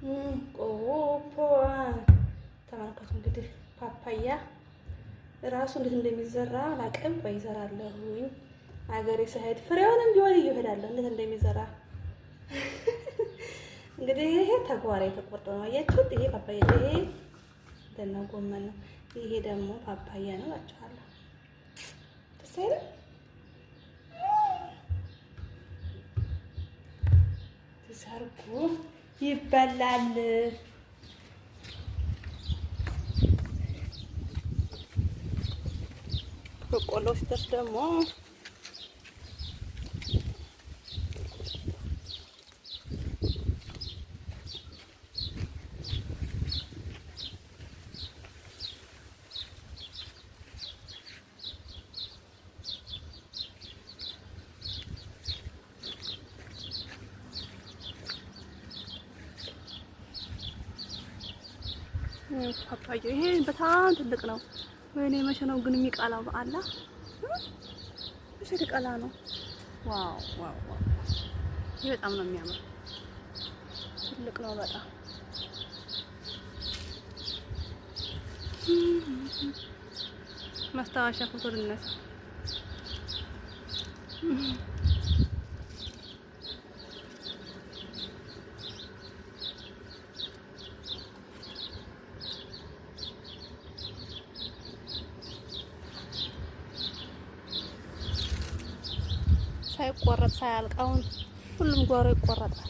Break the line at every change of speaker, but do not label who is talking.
ቆፖዋን ተመልከቱ። እንግዲህ ፓፓያ ራሱ እንዴት እንደሚዘራ ላቀም ይዘራለሁኝ። አገሬ ስሄድ ፍሬውንም ቢሆን እየሄዳለሁ እንዴት እንደሚዘራ እንግዲህ ይሄ ተጓራ የተቆርጠ ነው። አያችሁት? ይሄ ፓፓያ ይሄ ደና ጎመን ነው። ይሄ ደግሞ ፓፓያ ነው እላችኋለሁ። ደስ አይልም? ተሰርኩ ይበላል። በቆሎ ሲደርስ ደግሞ
ፓፓያ ይሄ በጣም ትልቅ ነው። ወይኔ መቼ ነው ግን የሚቀላው? በአላ
መቼ
ሊቀላ ነው? ዋው ዋው ዋው! ይሄ በጣም ነው የሚያምር። ትልቅ ነው በጣም
ማስታወሻ ፎቶ ልነሳ
ሳይቆረጥ ሳያልቀውን ሁሉም ጓሮ ይቆረጣል።